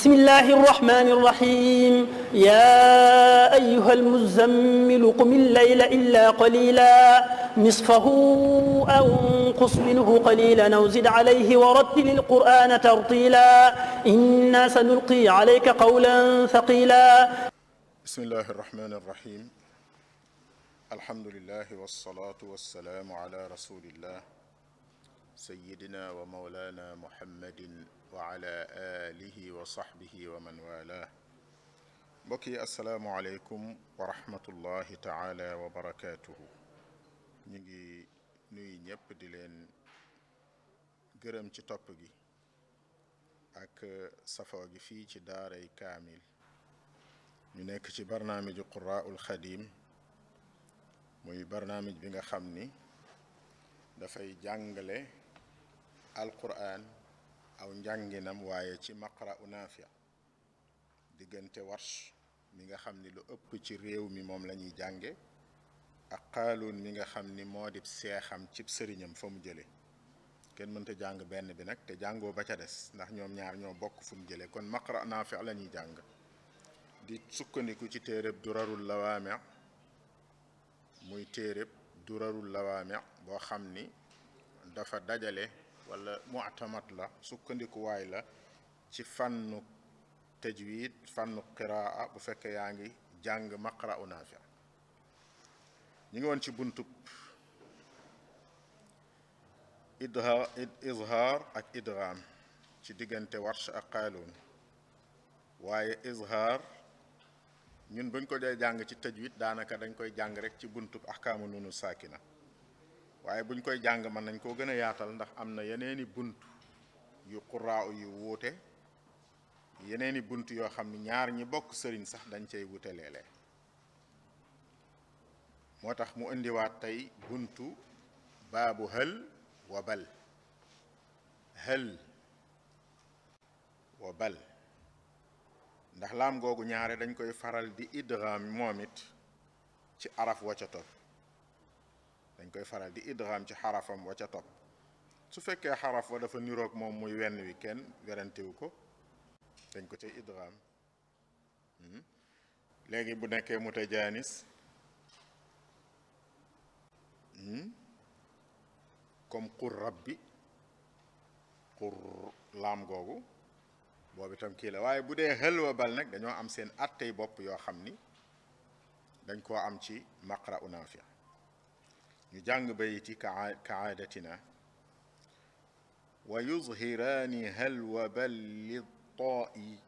بسم الله الرحمن الرحيم يا أيها المزمل قم الليل إلا قليلا نصفه أو انقص منه قليلا أو زد عليه ورتل القرآن ترتيلا إنا سنلقي عليك قولا ثقيلا بسم الله الرحمن الرحيم الحمد لله والصلاة والسلام على رسول الله سيدنا ومولانا محمد wa ala alihi wa sahbihi wa man wala mbokk yi asalaamualeykum wa rahmatullahi taala wa barakaatuhu ñu ngi nuyu ñëpp di leen gërëm ci topp gi ak safoo gi fii ci daaray kaamil ñu nekk ci barnaamiju quraul xadim muy barnaamij bi nga xam ni dafay jàngale alquran aw njànginam waaye ci maqra u naafi diggante warsh mi nga xam ni lu ëpp ci réew mi moom lañuy jànge ak xaaluun mi nga xam ni moo di seexam cib sëriñam fa mu jële kenn mënta jàng benn bi nag te jàngoo ba ca des ndax ñoom ñaar ñoo bokk fu mu jële kon maqra naafi la ñuy jàng di sukkandiku ci téereb durarul lawaame muy téereb durarul lawaame boo xam ni dafa dajale wala mu'tamad la sukkandikuwaay la ci fànnu tajwid fànnu qiraa bu fekkee yaa ngi jàng maqra'u naafi ñu ngi woon ci buntub idhaar izhaar ak idgham ci diggante warsh ak qaaluun waaye izhaar ñun buñ ko dee jàng ci tajwid daanaka dañ koy jàng rek ci buntub ahkaamu nunu na waaye buñ koy jàng mën nañ koo gën a yaatal ndax am na yeneeni bunt yu xuraaw yu wuute yeneeni bunt yoo xam ni ñaar ñi bokk sëriñ sax dañ cay wute léeg moo tax mu indiwaat tey buntu baabu hël wa bal hël wa bal ndax laam googu ñaare dañ koy faral di idgham moom it ci araf wa ca dañ koy faral di idgham ci xarafam wa ca topp su fekkee xaraf wa dafa niroog moom muy wenn wi kenn werantewu ko dañ ko cay idgham hmm? léegi bu nekkee mutajaanis hmm? comme qur rabbi qur laam googu boobitam kii la waaye bu dee xëlwa bal nag dañoo am seen attey bopp yoo xam ni dañ koo am ci maqra u ñu jàng bayti ka aadatina wa yuzhiraani halwa bal liltaai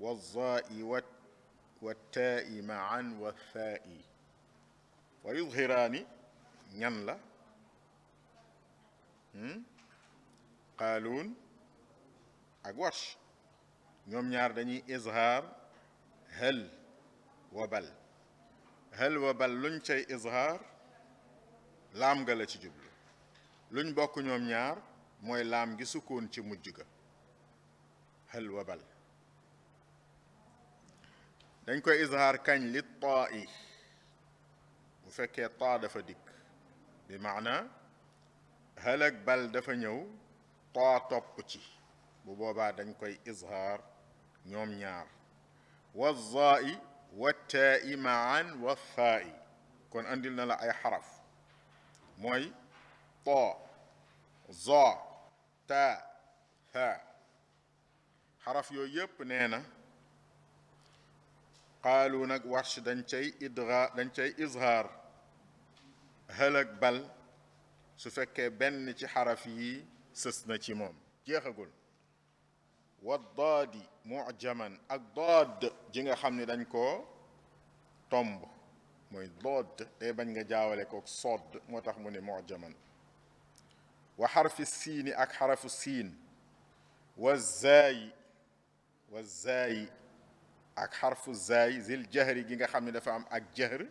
walzaai wattaai maan wathaai wa yuzhiraani ñan la hmm? qaaluun ak warsh ñoom ñaar dañuy izhaar hal wa bal hal wa bal luñ izhaar laam ga la ci jublu luñ bokk ñoom ñaar mooy laam gi sukkoon ci mujj ga hal wa bal dañ koy izhaar kañ li taa i bu fekkee taa dafa dikk bi maana hal ak bal dafa ñëw taa topp ci bu boobaa dañ koy izhaar ñoom ñaar wa zaa i wa i maan wa i kon andil na la ay xaraf mooy to zo ta tha xaraf yooyu yépp nee na xaalu nag warsh dañ cay idra dañ cay izhaar hëlëg bal su fekkee benn ci xaraf yi sës na ci moom jeexagul wa daadi mujaman ak daad ji nga xam ni dañ koo tomb mooy dood day bañ nga jaawale ko sodd moo tax mu ne mujaman wa xarfi siini ak xarafu siin wa zaayi wa zaayi ak xarfu zaayi zil jahri gi nga xam ne dafa am ak jahr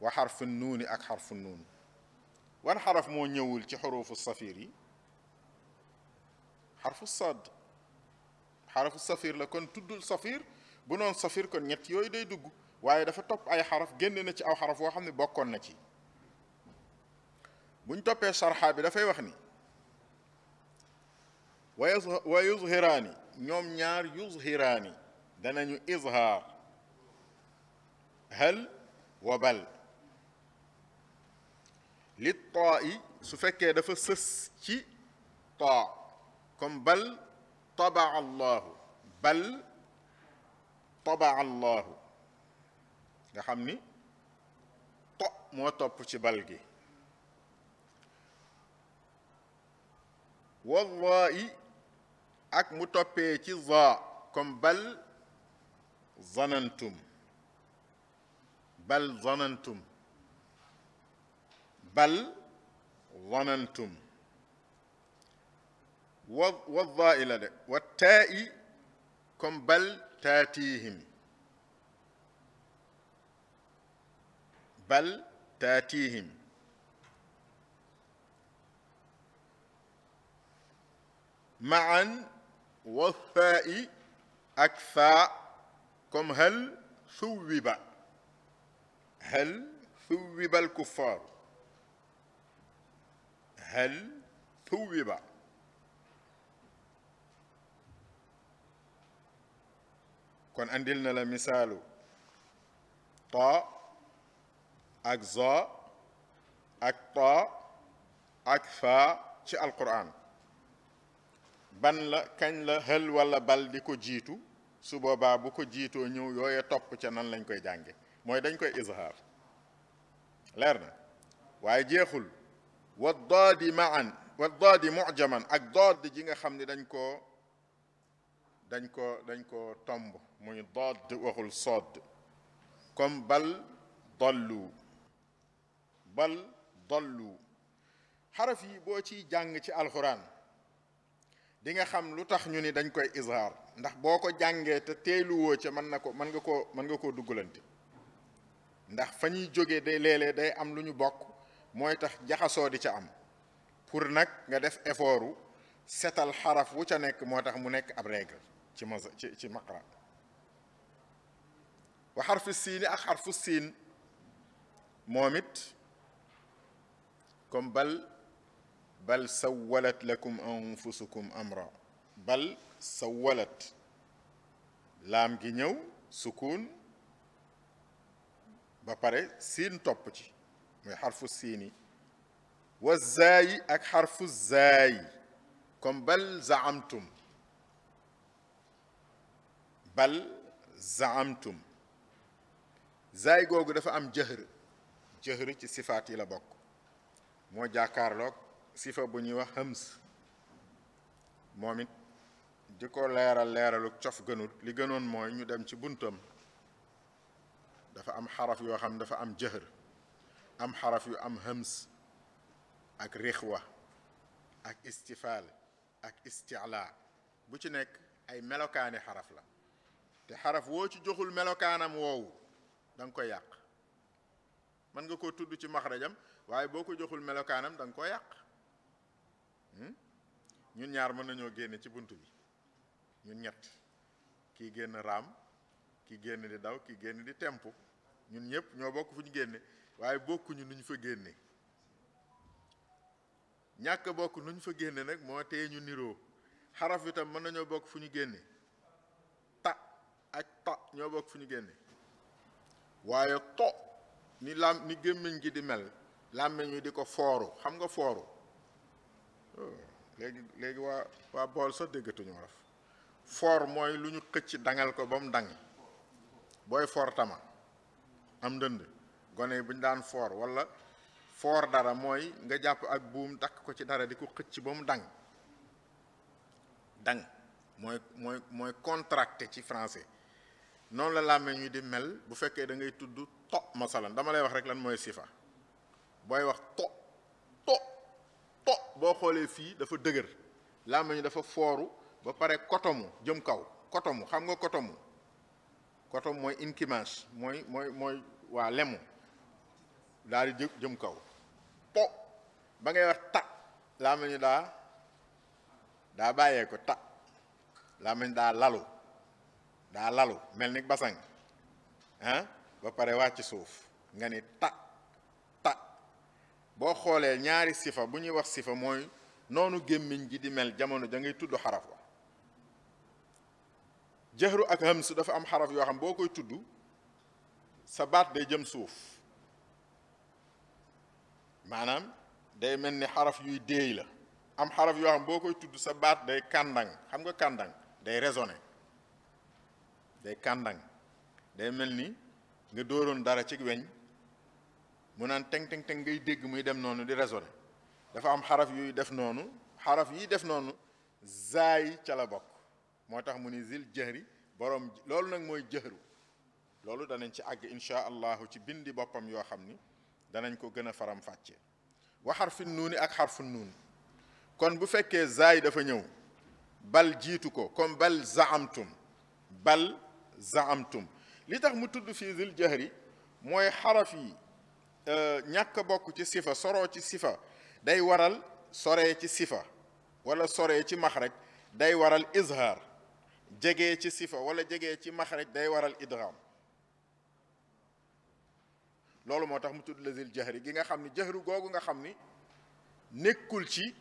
wa xarfu nuuni ak xarfu nuun wan xaraf moo ñëwul ci xurufu safir yi xarfu sadd xarafu safiir la kon tuddul safir bu noon safir kon ñett yooyu day dugg waaye dafa topp ay xaraf génne na ci aw xaraf woo xam ne bokkoon na ci buñ toppee sarxa bi dafay wax ni wa yuzhiraani ñoom ñaar yuzhiraani danañu izhaar hal wa bal li taa yi su fekkee dafa sës ci taa comme bal tabaa allahu bal tabaa allahu nga xam ni to moo topp ci bal gi wallahi ak mu toppee ci za comme bal zanantum bal zanantum bal zanantum wa wa zaa i la de wa taa i comme bal taatihim bal taatihim maan wa faa'i ak faa comme hal suwiba hal suwiba al kuffaaru hal suwiba kon andil na la misaalu ta ak zo ak to ak fa ci alquran ban la kañ la hël walla bal di ko jiitu su boobaa bu ko jiitoo ñëw yooye topp ca nan lañ koy jànge mooy dañ koy izhaar leer na waaye jeexul wa doodi maan wa doodi mujaman ak dood ji nga xam ne dañ koo dañ ko dañ ko tomb muy dood waxul sood comme bal dollu bal dollu xaraf yi boo ciy jàng ci alxuraan di nga xam lu tax ñu ni dañ koy izhaar ndax boo ko jàngee te teeluwoo ca mën na ko mën nga koo mën nga koo duggalante ndax fa ñuy jóge day léeg day am lu ñu bokk mooy tax jaxasoo di ca am pour nag nga def effort wu setal xaraf wu ca nekk moo tax mu nekk ab règle ci ma ci ci maqra wa xarfu siini ak xarfu siin moom it comme bal bal sawwalat lakum anfusukum amra bal sawwalat laam gi ñëw sukuun ba pare siin topp ci mooy xarfu siini wa zaayi ak xarfu zaayi comme bal zaamtum bal zaamtum zaay googu dafa am jëhër jëhër ci sifaat yi la bokk moo jàkkaarloog sifa bu ñuy wax hëms moom it di ko leeral leeralu cof gënul li gënoon mooy ñu dem ci buntam dafa am xaraf yoo xam dafa am jëhër am xaraf yu am hëms ak rixwa ak istifaal ak istila bu ci nekk ay melokaani xaraf la te xaraf woo ci joxul melokaanam woowu danga nga koy yàq mën nga koo tudd ci maxrajam waaye boo ko joxul melokaanam danga nga koo yàq hmm? ñun ñaar mën nañoo génne ci bunt bi ñun ñett kii génn raam ki génn di daw ki génn di tempu ñun ñëpp ñoo bokk fu ñu génne waaye bokkuñu nu ñu fa génne ñàkk bokk nu ñu fa génne nag moo tee ñu niroo xaraf itam mën nañoo bokk fu ñu génne ta ak ta ñoo bokk fu ñu génne waaye to ni lam ni gémmiñ gi di mel làmmiñ wi di ko fooru xam nga fooru oh, léegi léegi waa waa bool sax déggatuñu wolof foor mooy lu ñu xëcc dangal ko ba mu dang booy foor tama am ndënd gone yi bu ñu daan foor walla foor dara mooy nga jàpp ak buum dakk ko ci dara di ko xëcc ba mu dang dang mooy mooy mooy contracté ci français noonu la làmmiñ wi di mel bu fekkee da ngay tudd to masalan dama lay wax rek lan mooy sifa booy wax to to to boo xoolee fii dafa dëgër làmmiñ dafa fooru ba pare kotomu jëm kaw kotomu xam nga kotomu kotomu mooy inkimaas mooy mooy mooy waa lemu daal di jëm kaw to ba ngay wax ta làmmiñ daa daa bàyyee ko ta làmmiñ daa lalu daa lalu mel ni basang ah ba pare wàcc suuf nga ni ta ta boo xoolee ñaari sifa bu ñuy wax sifa mooy noonu gémmiñ gi di mel jamono ja ngay tudd xaraf wa jëxru ak hams dafa am xaraf yoo xam boo koy tudd sa baat day jëm suuf maanaam day mel ni xaraf yuy déey la am xaraf yoo xam boo koy tudd sa baat day kàndan xam nga kàndang day raisonné day kàndang day mel ni nga dooroon dara ci weñ mu naan teng teng teng ngay dégg muy dem noonu di raisonné dafa am xaraf yuy def noonu xaraf yi def noonu zaay ca la bokk moo tax mu ni zil jëhri boroom loolu nag mooy jëhru loolu danañ ci àgg incha allahu ci bindi boppam yoo xam ni danañ ko gën a faram fàcce wa xarfi nuuni ak xarfu nuun kon bu fekkee zaay dafa ñëw bal jiitu ko comme bal zaamtum bal zaamtum li tax mu tudd fii zil jahri mooy xaraf yi euh, ñàkk bokk ci sifa soro ci sifa day waral sore ci sifa wala soree ci maxraj day waral izhaar jege ci sifa wala jege ci maxraj day waral idgham loolu moo tax mu tudd la zil jahri gi nga xam ni jahru googu nga xam ni nekkul ci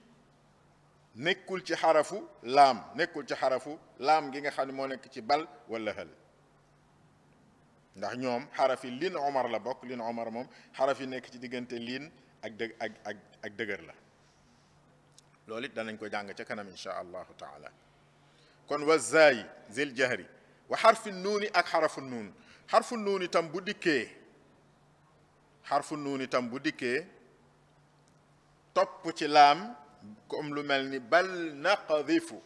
nekkul ci xarafu laam nekkul ci xarafu laam gi nga xam ne moo nekk ci bal wala hal ndax ñoom xarafi lin omar la bokk lin omar moom xaraf nekk ci diggante liin ak dëgër la loolu it danañ ko jàng ca kanam insha allahu taala kon wa zaayi zil jahri wa xarfi nuuni ak xarafu nuun xarfu nuun bu dikke xarfu nuun bu dikkee topp ci laam kom lu mel ni bal naqdifu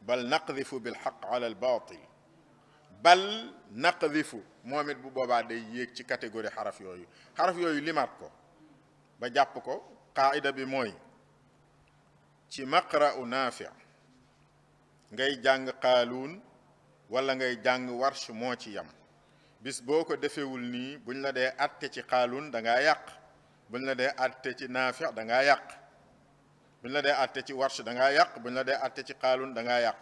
bal naqdifu bilxaq ala al baatil bal naqdifu moom it bu boobaa day yéeg ci catégorie xaraf yooyu xaraf yooyu limaat ko ba jàpp ko qaayida bi mooy ci maqra'u naafi ngay jàng xaaluun wala ngay jàng warsh moo ci yam bis boo ko defewul nii buñ la dee atte ci xaaluun dangaa yàq buñ la dee atte naafi da ngaa yàq buñ la dee atte ci warsh da ngaa yàq buñ la dee atte ci xaaluun da ngaa yàq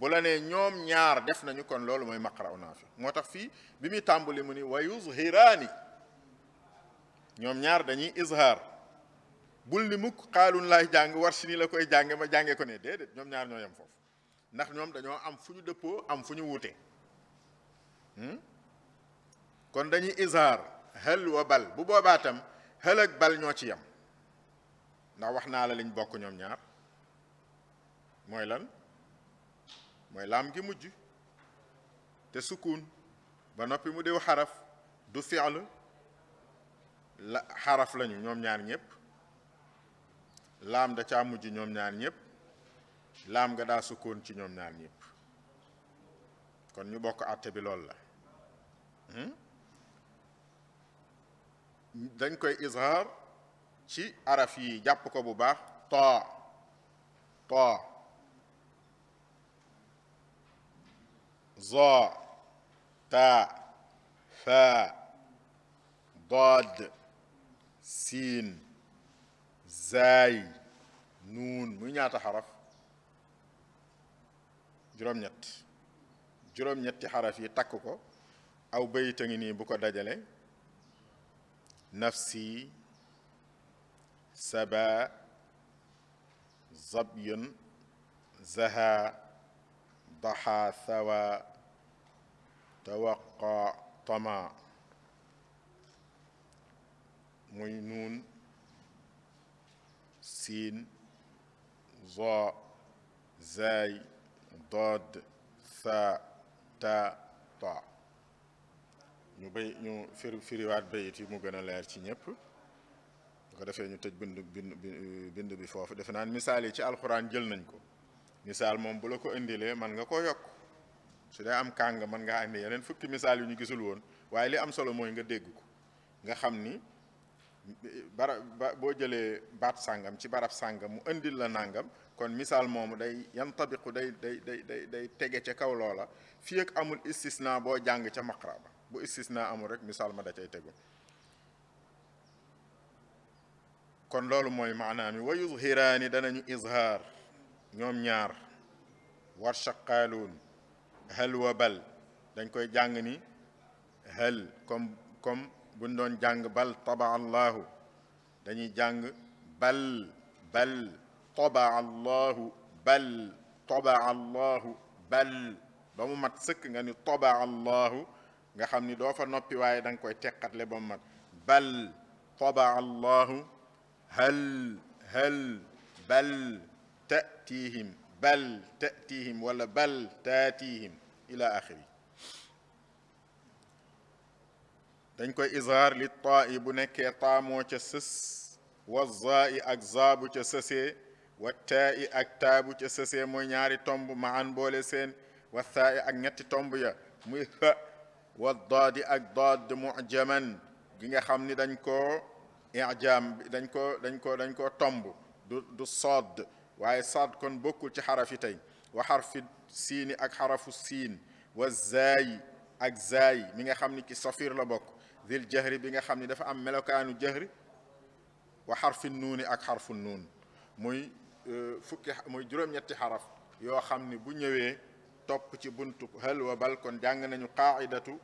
bu la nee ñoom ñaar def nañu kon loolu mooy maqaraw naa fi moo tax fii bi muy tàmbali mu ni wa yuzhiraani ñoom ñaar dañuy izhaar bul ni mukk xaalun laay jàng war si ni la koy jànge ma jànge ko ne déedéet ñoom ñaar ñoo yem foofu ndax ñoom dañoo am fu ñu dëppoo am fu ñu wute hmm? kon dañuy izhaar hal wa bal bu boobaa tam hal ak bal ñoo ci yem ndax wax naa la liñ bokk ñoom ñaar mooy lan mooy laam gi mujj te sukkun ba noppi mu diw xaraf du fi'l la xaraf lañu ñoom ñaar ñëpp laam da caa mujj ñoom ñaar ñëpp laam nga daa sukkoon ci ñoom ñaar ñëpp kon ñu bokk àtte bi lool la hmm? dañ koy izhar ci araf yi jàpp ko bu baax to to ظا تاء فاء ضاد سين zaay nuun muy ñaata xaraf juróom-ñett juróom-ñetti xaraf yi takk ko aw bayit ngi nii bu ko dajale nafsi saba zabyun zaha ضحى ثوى توقى طمع muy nuun siin zoo zaay dood saa taa taa ñu bay ñu firi firiwaat bayit yi mu gën a leer ci ñépp bu defee ñu tëj bind bind bi foofu defe naan misaal ci alxuraan jël nañ ko misaal moom bu la ko indilee man nga koo yokk su dee am kàng man nga indi yeneen fukki misaal yu ñu gisul woon waaye li am solo mooy nga dégg ko nga xam ni bara boo jëlee baat sàngam ci barab sàngam mu indil la nàngam kon misaal moomu day yantabiqu day day day day day tege ca kaw loola fii ak amul istisna boo jàng ca maqra ba bu istisna amul rek misaal ma da cay tegu kon loolu mooy maanaam wa yuzhiraani danañu izhaar ñoom ñaar warsha qaaluun hal wa bal dañ koy jàng ni hal kom comme buñ doon jàng bal taba allahu dañuy jàng bal bal taba allahu bal taba allahu bal ba mu mat sëkk nga ni taba allahu nga xam ni doo fa noppi waaye da nga koy teqatle ba mu mat bal taba allahu hal hal bal ta'tiihim bal ta'tiihim wala dañ koy izhaar li taa bu nekkee taamoo ca sës wa i ak zaabu ca sësee i ak taabu ca mooy ñaari tomb maan boole seen wa i ak ñetti tomb ya muy ha wa i ak daad mujaman gi nga xam ni dañ koo ijaam dañ ko dañ ko dañ koo tomb du du waaye saad kon bokkul ci xaraf yi tey wa xarfi siini ak xarafu siin wa zaayi ak zaayi mi nga xam ni ci safir la bokk dil jahri bi nga xam ni dafa am melokaanu jahri wa xarfi nuuni ak xarfu nuun muy euh, fukki muy juróom-ñetti xaraf yoo xam ni bu ñëwee topp ci buntu hël wa bal kon jàng nañu qaaidatu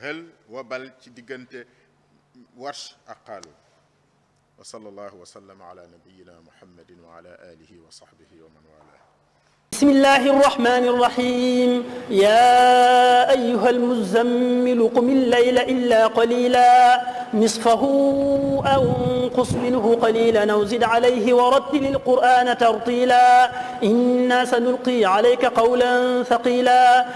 hël wa bal ci diggante warsh ak xaalu wa sallallahu wa sallama ala nabiyyina muhammadin wa ala alihi wa sahbihi wa man walaah بسم الله الرحمن الرحيم يا أيها المزمل قم الليل إلا قليلا نصفه أو انقص منه قليلا أو زد عليه ورتل القرآن ترتيلا إنا سنلقي عليك قولا ثقيلا